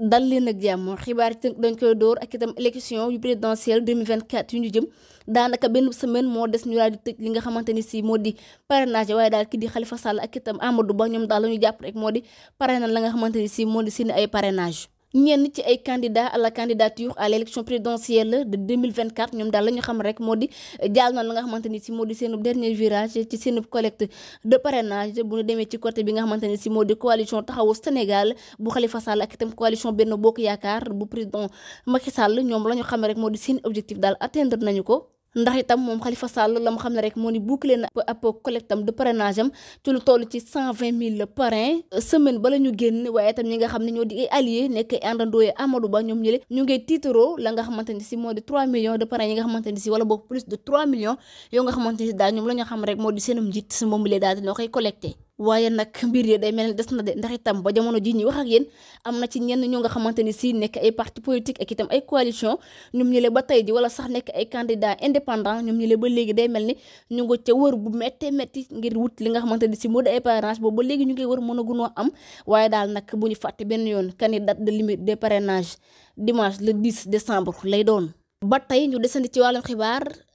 dal leen ak jàmm xibaar yi dañ koy door ak itam élection yu présidentielle 2024 yu ñu jëm daanaka benn semaine moo des ñu daal di tëj li nga xamante ni si moo di parrainage waaye daal ki di Khalifa Sall ak itam Amadou Ba ñoom daal la ñu jàpp rek moo di parrainage la nga xamante ni si moo di seen ay parrainage ñenn ci ay candidats à la candidature à l' élection présidentielle de 2024 ñoom daal la ñu xam rek moo di jàll na la nga xamante ni si moo di seenub dernier virage ci seenub collecte de parrainage bu ñu demee ci côté bi nga xamante ni si moo di coalition taxawu Sénégal bu Khalifa Sall ak itam coalition benn Bokk Yaakaar bu président Macky Sall ñoom la ñu xam rek moo di seen objectif daal atteindre nañu ko. ndax itam moom Khalifa Sall la mu xam ne rek moo ni bouclé na ab collecte am ci lu toll ci cent vingt mille parrain euh, semaine ba la ñu génn waaye itam ñi nga xam ne ñoo di ay nekk ay Amadou Ba ñoom ñële ñu ngay tiitaroo la nga xamante ni si moo di trois millions de parrain yi nga xamante ni si wala boog plus de trois millions yoo nga xamante si daal ñoom la xam rek moo di seenum njiit si moom lee daal di noo waaye nag mbir yi day mel ni des na de ndax itam ba jamono ji ñuy wax ak yéen am na ci ñenn ñoo nga xamante ni si nekk ay parti politique ak itam ay coalition ñu le ba tey mel ni ñu ngi ca wër bu méttee métti ngir wut li nga xamante ni si moo di ay parrainage boobu ba ñu ngi wër mën a gunoo am waaye daal nag bu ñu fàtte benn yoon kani date de limite des parrainages dimanche le 10 décembre lay doon ba tey ñu desandi ci wàllum xibaar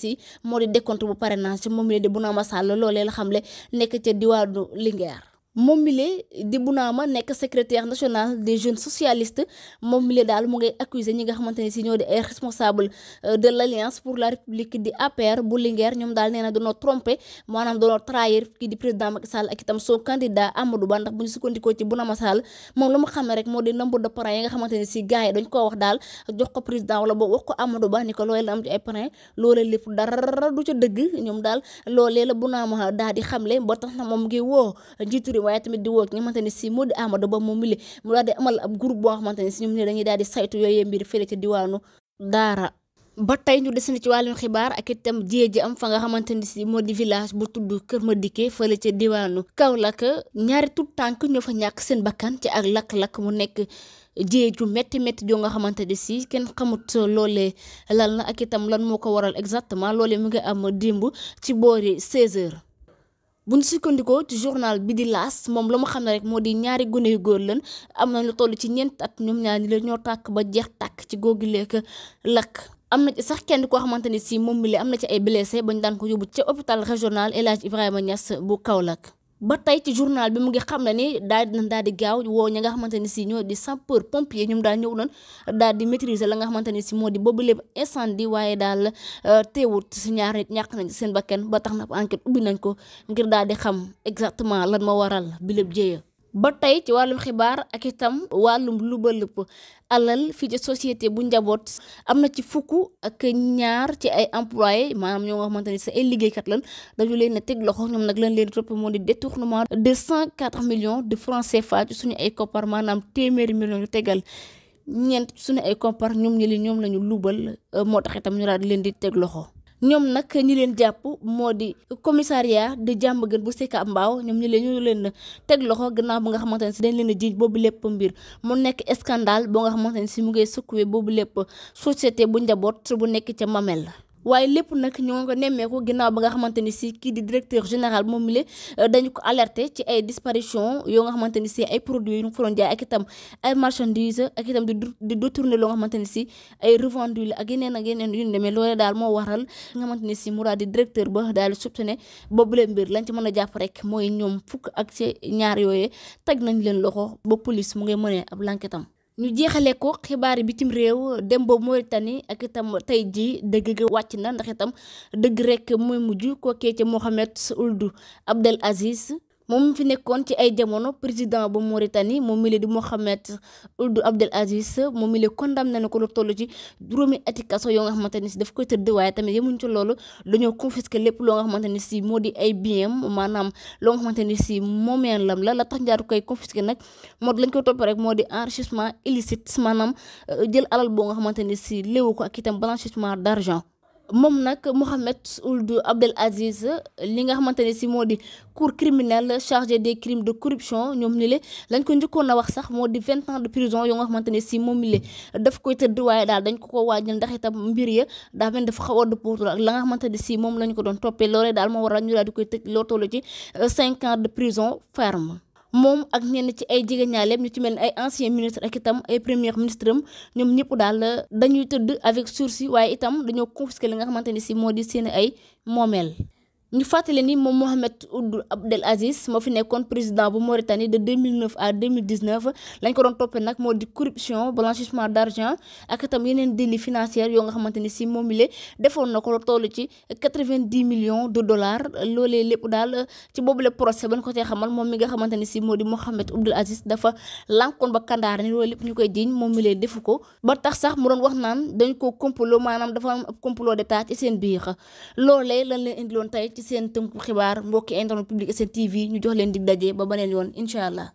si moo di décompte bu parrainage moom la di Bounama Sall loolee la xamle nekk ca diwaanu moom mi lee di Bounama nekk secrétaire national des jeunes socialistes moom mi daal mu ngay accuser ñi nga xamante si ñoo di ay responsable euh, de l' pour la république di APR bu Linguère ñoom daal nee na dañoo trompé maanaam dañoo trahir kii di président Macky Sall ak itam son candidat Amadou Ba ndax bu ñu sukkandikoo ci Bounama Sall moom la mu xamee rek moo di nombre de parrain yi nga xamante si gars dañ koo wax daal jox ko waaye tamit di woo ki si moo di Amadou Ba moom mi mu daal amal ab groupe boo xamante ne si ñoom ne dañuy daal di saytu yooyee mbir fële ca diwaanu Daara. ba tey ñu desandi ci wàllum xibaar ak itam jiyee ji am fa nga xamante ni si moo di village bu tudd Kër Madické fële ca diwaanu Kaolack ñaari tout tànk ñoo fa ñàkk seen bakkan ci ak lakk mu nekk jiyee ju métti métti joo nga xamante ne si kenn xamut loolee lal na ak itam lan moo ko waral exactement loolee mu ngi am démb ci boori 16 bu ñu sukkandikoo ci journal bi di laas moom la mu xam ne rek moo di ñaari gone yu góor lan am na ñu toll ci ñeent at ñoom ñaar ñi la ñoo tàkk ba jeex tàkk ci googu lekk lakk. am na ci sax kenn koo xamante ni sii moom mi la am na ci ay blessé ba ñu daan ko yóbbu ca hôpital régional El Hadj Ibrahima Niass bu Kaolack. ba tey ci journal bi mu ngi xam ne ni daal di daal di gaaw woo ñi nga xamante ni si ñoo di sapeur pompier ñoom daal ñëw noon daal di maîtriser la nga xamante ni si moo di boobu lépp incendie waaye daal euh, teewut si ñaar nit ñàkk nañ seen bakkan ba tax na enquête ubbi nañ ko ngir daal di xam exactement lan ma waral bi lépp jéeya ba tey ci wàllum xibaar ak itam wàllum lu ba lëpp alal fii ci société bu njaboot am na ci fukk ak ñaar ci ay employé maanaam ñoo nga xamante ni sa ay liggéeykat lan dañu leen a teg loxo ñoom nag lan leen topp moo di détournement de cent quatre million de francs CFA ci suñu ay koppar maanaam téeméeri millions yu tegal ñeent suñu ay koppar ñoom ñi li ñoom la ñu lubal moo tax itam ñu daal di leen di teg loxo ñoom nag ñi leen jàpp moo di di de Diamaguène bu am mbaaw ñoom ñi leen ñu leen teg loxo gannaaw bu nga xamante ne si dañ leen a jiiñ boobu lépp mbir mu nekk scandale boo nga xamante si mu ngi sukkwe boobu lépp société bu njaboot bu nekk ca Mamel waaye lépp nag ñu ngi ko nemmeeku ginnaaw ba nga xamante ni si kii di directeur général moom mi la euh, dañu ko alerté ci ay disparition yoo nga xamante ni si ay produits yu ñu ko jaay ak itam ay marchandises ak itam di détourné loo nga xamante ni si ay revendu la ak yeneen ak yeneen yu daal moo waral nga xamante ni si mu daal directeur ba daal di subtene boobule mbir lañ ci mën a jàpp rek mooy ñoom fukk ak ci ñaar yooyee teg nañ leen loxo ba police mu ngi mënee ab lanketam ñu jeexalee ko xibaar xibaari bitim réew dem ba Mauritanie ak itam tey jii dëgg ga wàcc na ndax itam dëgg rek mooy mujj kookee ca Mohamed Ould Abdel Aziz moom fi nekkoon ci ay jamono président bu Mauritanie moom mi la di Mohamed Ould Abdel Aziz moom mi la condamné na ko lu toll ci juróomi ati kaso yoo nga xamante si daf koy tëdd waaye tamit yemuñ ci loolu dañoo confisqué lépp loo nga xamante ni si moo di ay bien maanaam loo nga xamante ni si moomeen lam la la tax njaaru koy confisqué nag moo lañ koy topp rek moo di enrichissement illicite maanaam euh, jël alal boo nga xamante ni si léwu ko ak itam blanchissement d'argent moom nag Mohamed Ould Abdel Aziz li nga xamante ne si moo di cour criminelle chargé des crimes de corruption ñoom ni le lañ ko njëkkoon a wax sax moo di vingt ans de prison yoo nga xamante ne si moom la daf koy tëdd waaye daal dañ ko ko waajal ndax itam mbir ya daa mel dafa xaw a dëppootul ak la nga xamante si moom lañ ko doon toppee loole daal moo waral ñu daal di koy tëj loo toll ci cinq ans de prison ferme. moom ak ñenn ci ay jegeñaaleem ñu ci mel ni ay ancien ministre ak itam ay premier ministre am ñoom ñëpp daal dañuy tëdd avec sursis waaye itam dañoo confisqué li nga xamante ni si moo di seeni ay moomeel ñu fàttali ni moom Mohamed Ould Abdel Aziz moo fi nekkoon président bu Mauritanie de 2009 à 2019 lañ ko doon toppee nag moo di corruption blanchissement d'argent ak itam yeneen délit financier yoo nga xamante ni si moom ile defoon na ko toll ci 90 millions de dollars loolee lépp daal ci boobule procès bañ ko moom mi nga xamante ni si moo di Mohamed Ould Aziz dafa lànkoon ba kandaar lépp ñu koy jiiñ moom mi lee defu ko ba tax sax mu doon wax naan dañ ko complot maanaam dafa am ab complot d'état ci seen biir loolee lañ leen indiloon tey ci seen tënku xibaar mbokki internet public SN TV ñu jox leen dig daje ba beneen yoon incha allah.